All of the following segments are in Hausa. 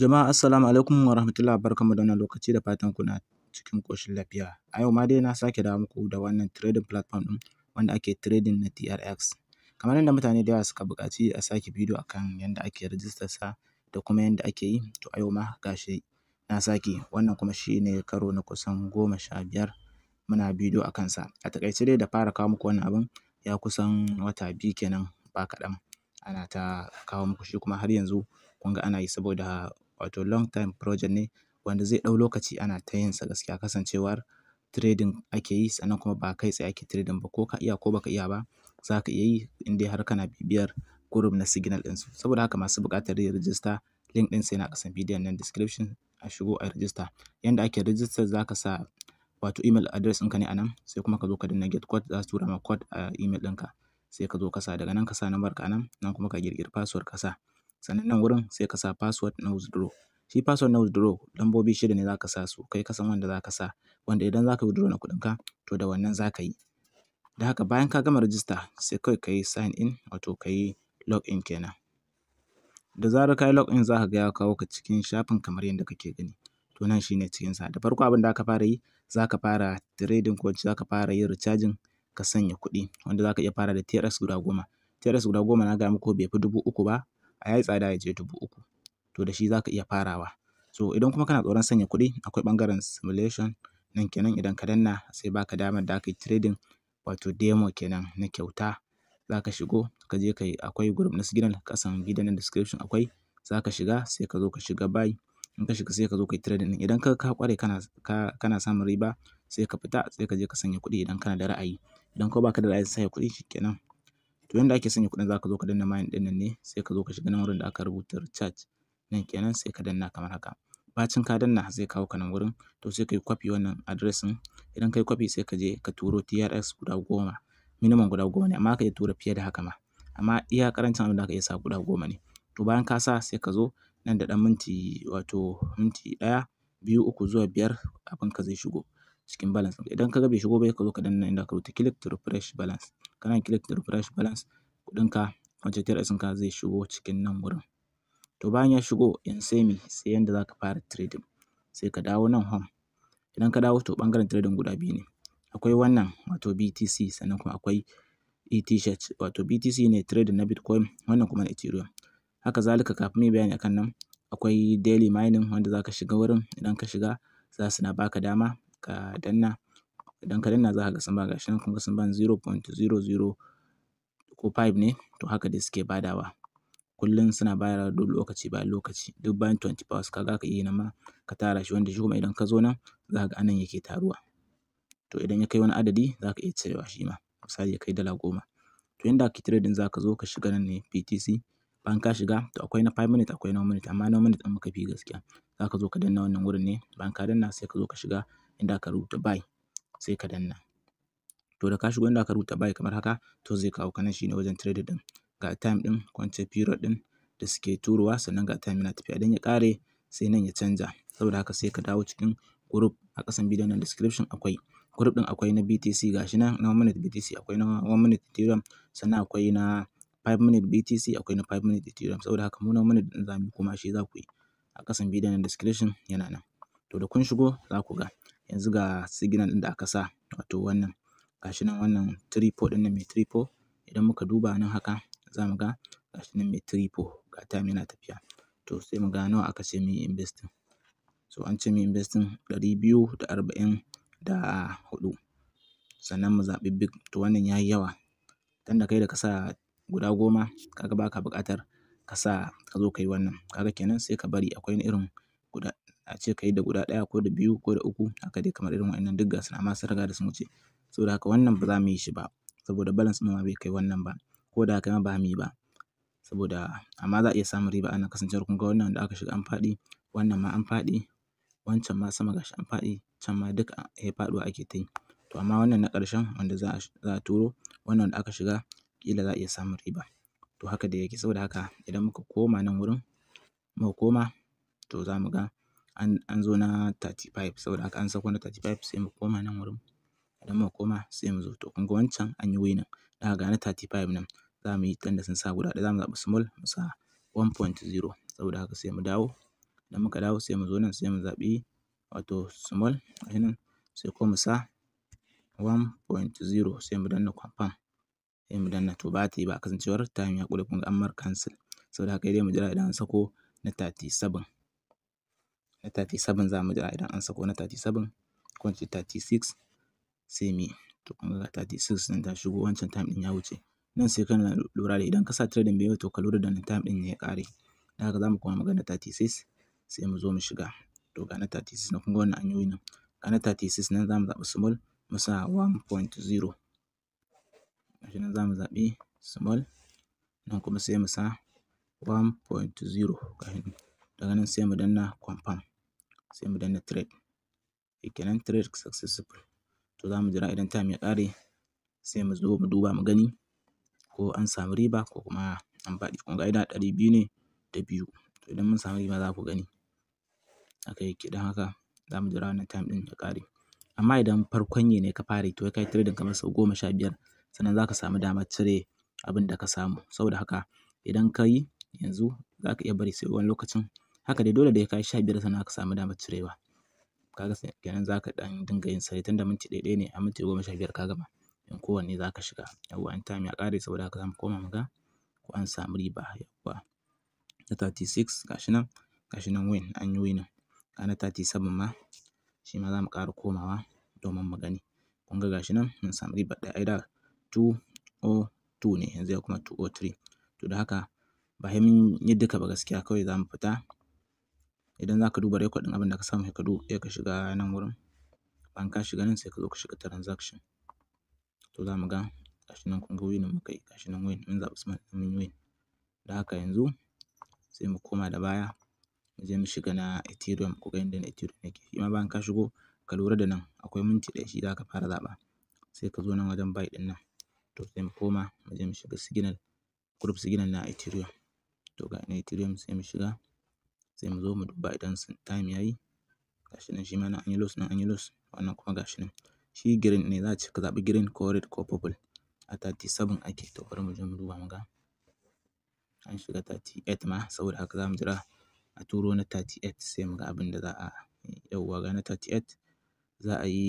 Jama'a assalamu alaikum wa rahmatullah barkanmu da wannan lokaci da fatan kuna cikin ƙoshin lafiya. A yau ma dai na sake dawo muku da wannan trading platform ɗin wanda ake trading na TRX. Kamar yadda mutane da yawa suka buƙaci a sake bidiyo akan yadda ake rijista sa da kuma yanda ake yi, to a yau ma ga na sake wannan kuma shi ne karo na kusan goma sha biyar muna bidiyo a kansa. A taƙaice dai da fara kawo muku wannan abin ya kusan wata biyu kenan ba kaɗan ana ta kawo muku shi kuma har yanzu kun ga ana yi saboda wato long time project ne wanda zai ɗau lokaci ana ta yin sa gaskiya kasancewar trading ake yi sannan kuma ba kai tsaye ake trading ba ko ka iya ko baka iya ba za ka iya yi in dai har kana bibiyar group na signal ɗinsu saboda haka masu buƙatar yin rijista link sai na ƙasan bidiyon nan description a shigo a rijista yanda ake rijistar za ka sa wato email address ɗinka ne a nan sai kuma ka zo ka danna get code za su tura ma code a email ɗinka sai ka zo ka sa daga nan ka sa number ka nan nan kuma ka ƙirƙiri password ka sa sannan nan wurin sai ka sa password na withdraw shi password na withdraw lambobi shida ne za ka sa su kai ka san wanda za ka sa wanda idan za ka withdraw na ka to da wannan za ka yi da haka bayan ka gama rajista sai kai ka yi sign in wato ka yi log in kenan da zarar ka yi log in za ka ga ya kawo ka cikin shafin kamar yadda kake gani to nan shine cikin sa da farko abin da aka fara yi za ka fara trading ko za ka fara yin recharging ka sanya kuɗi wanda za ka iya fara da trs guda goma. TRS guda goma na gaya muku bai fi dubu uku ba a yayi tsada ya je dubu uku to da shi za ka iya farawa so idan kuma kana tsoron sanya kuɗi akwai ɓangaren simulation nan kenan idan ka danna sai baka damar da aka yi trading wato demo kenan na kyauta za ka shigo ka je ka akwai group na signal kasan gidan na description akwai za ka shiga sai ka zo ka shiga buy in ka shiga sai ka zo ka yi trading idan ka ka kware kana ka kana samun riba sai ka fita sai ka je ka sanya kuɗi idan kana da ra'ayi idan ko baka da ra'ayin sanya kuɗi shikenan to yanda ake sanya kuɗin ka zo ka danna mayin ɗin nan ne sai ka zo ka shiga nan wurin da aka rubuta recharge nan kenan sai ka danna kamar haka bacin ka danna zai kawo ka nan wurin to sai ka yi kwafi wannan address ɗin idan ka yi kwafi sai ka je ka turo TRX guda goma minimum guda goma ne amma ka iya tura fiye da haka ma amma iya karancin abin da ka iya sa guda goma ne to bayan ka sa sai ka zo nan da ɗan minti wato minti ɗaya biyu uku zuwa biyar abin ka zai shigo cikin balance ɗinka idan kaga bai shigo ba ka zo ka danna inda ka rubuta click to refresh balance kana click to refresh balance kuɗinka wancan TRS ɗinka zai shigo cikin nan wurin to bayan ya shigo in me sai yanda zaka fara trading sai ka dawo nan home idan ka dawo to ɓangaren trading guda biyu ne akwai wannan wato BTC sannan kuma akwai ETH wato BTC ne trading na Bitcoin wannan kuma na Ethereum haka zalika kafin mai bayani akan nan akwai daily mining wanda zaka shiga wurin idan ka shiga za su na baka dama ka danna idan ka danna za ka ga sun ba gashi nan ni zero point ban zero ko five ne to haka dai suke badawa kullum suna bayarwa duk lokaci bayan lokaci duk bayan 20 hours ga ka iya ma ka tara shi wanda shi kuma idan ka zo nan za ka ga anan yake taruwa to idan ya kai wani adadi za ka iya cirewa shi ma misali ya kai dala goma to yanda ake trading za ka zo ka shiga nan ne PTC bayan ka shiga to akwai na 5 minute akwai na 1 minute amma na 1 minute ɗin muka fi gaskiya za ka zo ka danna wannan wurin ne bayan ka danna sai ka zo ka shiga inda aka rubuta buy sai ka danna to da ka shigo inda aka rubuta buy kamar haka to zai kawo ka nan shine wajen trade din ga time din ko period din da suke turowa sannan ga time yana tafiya dan ya kare sai nan ya canja saboda haka sai ka dawo cikin group a kasan bidiyon nan description akwai group din akwai na BTC gashi nan na 1 minute BTC akwai na 1 minute Ethereum sannan akwai na 5 minute BTC akwai na 5 minute Ethereum saboda haka mu na 1 minute din zamu kuma shi za ku yi a kasan bidiyon nan description yana nan to da kun shigo za ku ga yanzu ga signal ɗin da aka sa wato wannan gashi nan wannan 34 ɗin nan mai idan muka duba nan haka za mu ga gashi nan mai 34 ga time yana tafiya to sai mu ga nawa aka ce mu yi investing so an ce mu investing ɗari biyu da arba'in da sannan mu zaɓi big to wannan ya yi yawa tunda kai da ka sa guda goma kaga baka buƙatar ka sa ka zo ka yi wannan kaga kenan sai ka bari akwai irin guda a ce ka yi da guda ɗaya ko da biyu ko da uku haka dai kamar irin wa'annan duk gasu amma sun riga da sun wuce saboda haka wannan ba za mu yi shi ba saboda balance ɗin ma bai kai wannan ba ko da haka ma ba mu yi ba saboda amma za a iya samun riba ana kasancewar kun ga wannan da aka shiga an faɗi wannan ma an faɗi wancan ma sama gashi an faɗi can ma duk ya eh, faɗuwa ake ta yi to amma wannan na ƙarshen wanda za a turo wannan da aka shiga kila za a iya samun riba to haka da yake saboda haka idan muka koma nan wurin muka koma to za mu ga an, zo na 35 saboda haka an sako na 35 sai mu koma nan wurin idan mu koma sai mu zo to kun ga wancan an yi winning da ga na 35 nan za mu yi tanda sun sa guda ɗaya za mu zaɓi small mu sa 1.0 saboda haka sai mu dawo idan muka dawo sai mu zo nan sai mu zaɓi wato small a nan sai kuma mu sa 1.0 sai mu danna confirm sai mu danna to ba ta yi ba kasancewar time ya ƙure kun ga an mar cancel saboda haka dai mu jira idan an sako na 37 na 37 za mu jira idan an sako na 37 ko in ce 36 sai me to kun ga 36 ɗin ta shigo wancan time ɗin ya wuce nan sai kana lura da idan ka sa trading bai to ka lura da nan time ɗin ya ƙare da haka za mu kuma magana 36 sai mu zo mu shiga to ga na 36 na kun ga wannan an yi ga na 36 nan za mu zaɓi small mu sa 1.0 shi nan za mu zaɓi small nan kuma sai mu sa 1.0 daga nan sai mu danna confirm sai mu danna trade kenan trade successful to za mu jira idan time ya ƙare sai mu zo mu duba mu gani ko an samu riba ko kuma an faɗi kun ga idan ɗari biyu ne da biyu to idan mun samu riba za ku gani aka yake dan haka za mu jira wannan time ɗin ya ƙare amma idan farkon yi ne ka fara to kai trading kamar sau goma sha biyar sannan za ka samu damar cire abin da ka samu saboda haka idan ka yanzu za ka iya bari sai wani lokacin haka dai dole da ya kai sha biyar sannan aka samu damar cirewa kaga kenan za ka ɗan dinga yin sai tunda minti ɗaya ne a minti goma sha biyar ka gama in kowanne za ka shiga yawwa in time ya ƙare saboda haka za mu koma muga ko an samu riba yawwa na 36 gashi nan gashi nan win an yi winning ga na 37 ma shi ma za mu ƙara komawa domin mu gani kun ga gashi nan mun samu riba ɗaya ai da 202 ne yanzu ya kuma 203 to da haka ba sai mun yi duka ba gaskiya kawai za mu fita idan za ka duba record ɗin abin da ka samu sai ka du sai ka shiga nan wurin bayan ka shiga nan sai ka zo ka shiga transaction to za mu ga gashi nan kun ga win muka yi gashi nan win mun zaɓi smart mun da haka yanzu sai mu koma da baya mu je mu shiga na ethereum ku ga yadda na ethereum yake shi ma bayan ka shigo ka lura da nan akwai minti ɗaya shi za ka fara zaɓa sai ka zo nan wajen buy ɗin nan to sai mu koma mu je mu shiga signal group signal na ethereum to ga na ethereum sai mu shiga sai mu zo mu duba idan time ya yi gashi nan shi ma nan an yi loss nan an yi loss wannan kuma gashi nan shi green ne za a ce ka zaɓi green ko red ko purple a 37 ake to bari mu je mu duba mu ga an shiga 38 ma saboda haka za mu jira a turo na 38 sai mu ga abin da za a yauwa ga na 38 za a yi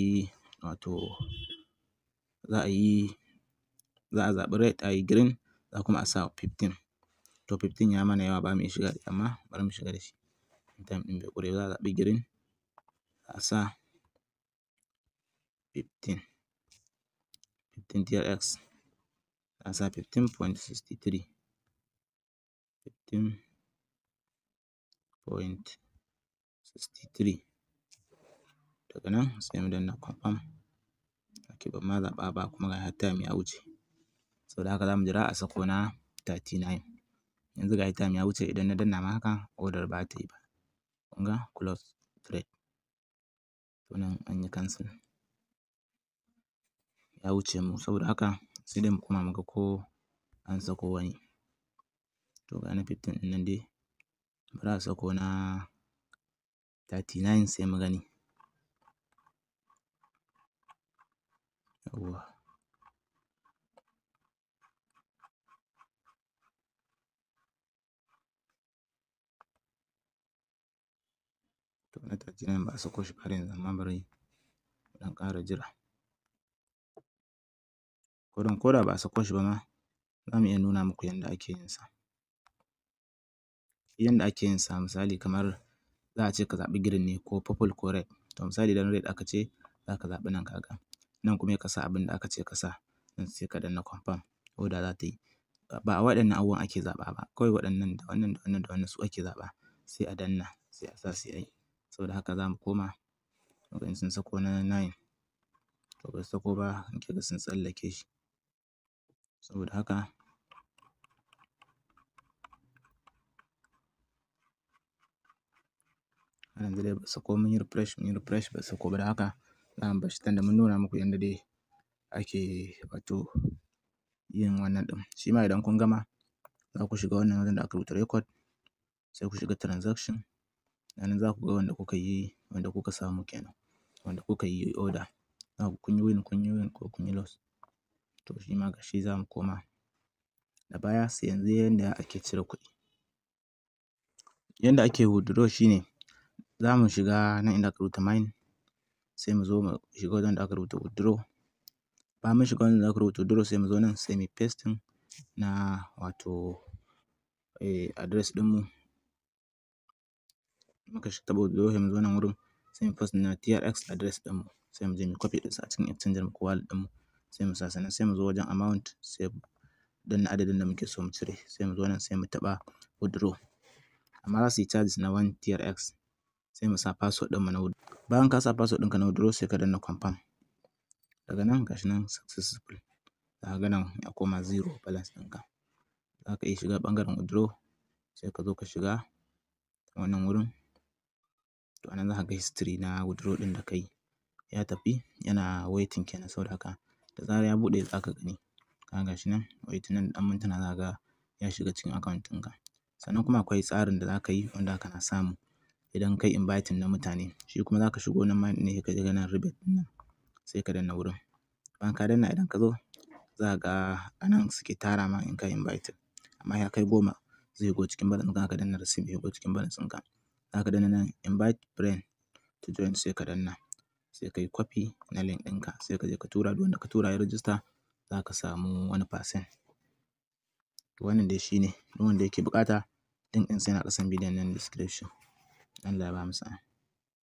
wato za a yi za a zaɓi red a yi green za kuma a sa 15 to 15 ya mana yawa ba mu shiga amma bari mu shiga da shi in time ɗin bai ƙure ba za a zaɓi green a sa 15 15 TRX a sa 15.63 15.63 daga nan sai mu danna confirm ake ban ma zaɓa ba kuma ga har time ya wuce sau da haka za mu jira a sako na 39 yanzu ga time ya wuce idan na danna ma haka odar ba ta yi ba nga ga close thread. To nan an yi cancel. Ya wuce mu saboda haka sai dai mu koma muga ko an sako wani. To ga na 15 ɗin nan dai sako na 39 sai mu gani. yawwa na Najeriya ba a sako ba bari mu ƙara jira. Kurin ko da ba a sako ba ma za mu iya nuna muku yanda ake yin sa. Yanda ake yin sa misali kamar za a ce ka zaɓi girin ne ko purple ko red. To misali don red aka ce za ka zaɓi nan ka ga. Nan kuma ka sa abin da aka ce ka sa. Nan sai ka danna confirm oda za ta yi. Ba a waɗannan abubuwan ake zaɓa ba kawai waɗannan da wannan da wannan da wannan su ake zaɓa sai a danna sai a sa sai a yi. Saboda haka za mu koma muga in sun sako na nine. To ba su sako ba in ga sun tsallake shi. Saboda haka har yanzu dai ba su sako mun yi refresh mun yi refresh ba su sako ba. Don haka za mu barshi tunda mun nuna muku yadda dai ake wato yin wannan ɗin. Shi ma idan kun gama za ku shiga wannan wajen da aka rubuta record sai ku shiga transaction. A za ku ga wanda kuka yi, wanda kuka samu kenan, wanda kuka yi order. Za ku kun yi win, kun yi win ko kun yi loss. To shi ma gashi za mu koma da baya sai yanzu yanda ake cire kuɗi. Yanda ake withdraw shine za mu shiga nan inda aka rubuta mine sai mu zo mu shiga wajen da aka rubuta withdraw. Bayan mun shiga wajen da aka rubuta withdraw sai mu zo nan sai mu yi pasting na wato, eh, address ɗinmu muka taɓa withdraw yanzu wannan wurin sai mu post na TRX address ɗin mu sai mu je mu copy sa a cikin exchanger mu ko wallet ɗin mu sai mu sa sannan sai mu zo wajen amount sai danna adadin da muke so mu cire sai mu zo nan sai mu taɓa withdraw amma za su yi charges na 1 TRX sai mu sa password mu na withdraw bayan ka sa password ɗinka na withdraw sai ka danna confirm daga nan gashi nan successful za ka nan ya koma zero balance ɗinka za ka iya shiga ɓangaren withdraw sai ka zo ka shiga wannan wurin to anan za ka ga history na withdraw din da kai ya tafi yana waiting kenan saboda haka da zarar ya bude za ka gani ka ga shi nan waiting nan dan mintuna za ka ga ya shiga cikin account ɗinka sannan kuma akwai tsarin da za ka yi wanda kana samu idan kai inviting na mutane shi kuma za ka shigo nan ma ne ka ga ganin rebate ɗin nan sai ka danna wurin bayan ka danna idan ka zo za ka ga anan suke tara ma in ka inviting amma ya kai goma zai go cikin balance ɗinka ka danna receive ya go cikin balance ɗinka Za ka danna nan invite friend to join sai ka danna. Sai ka yi copy na link ɗinka sai ka je ka tura. Duk wanda ka tura ya register za ka samu wani percent. To wannan dai shi ne. Duk wanda yake buƙata link ɗin sa na ƙasan bidiyon nan description. Allah ya mu sa'a.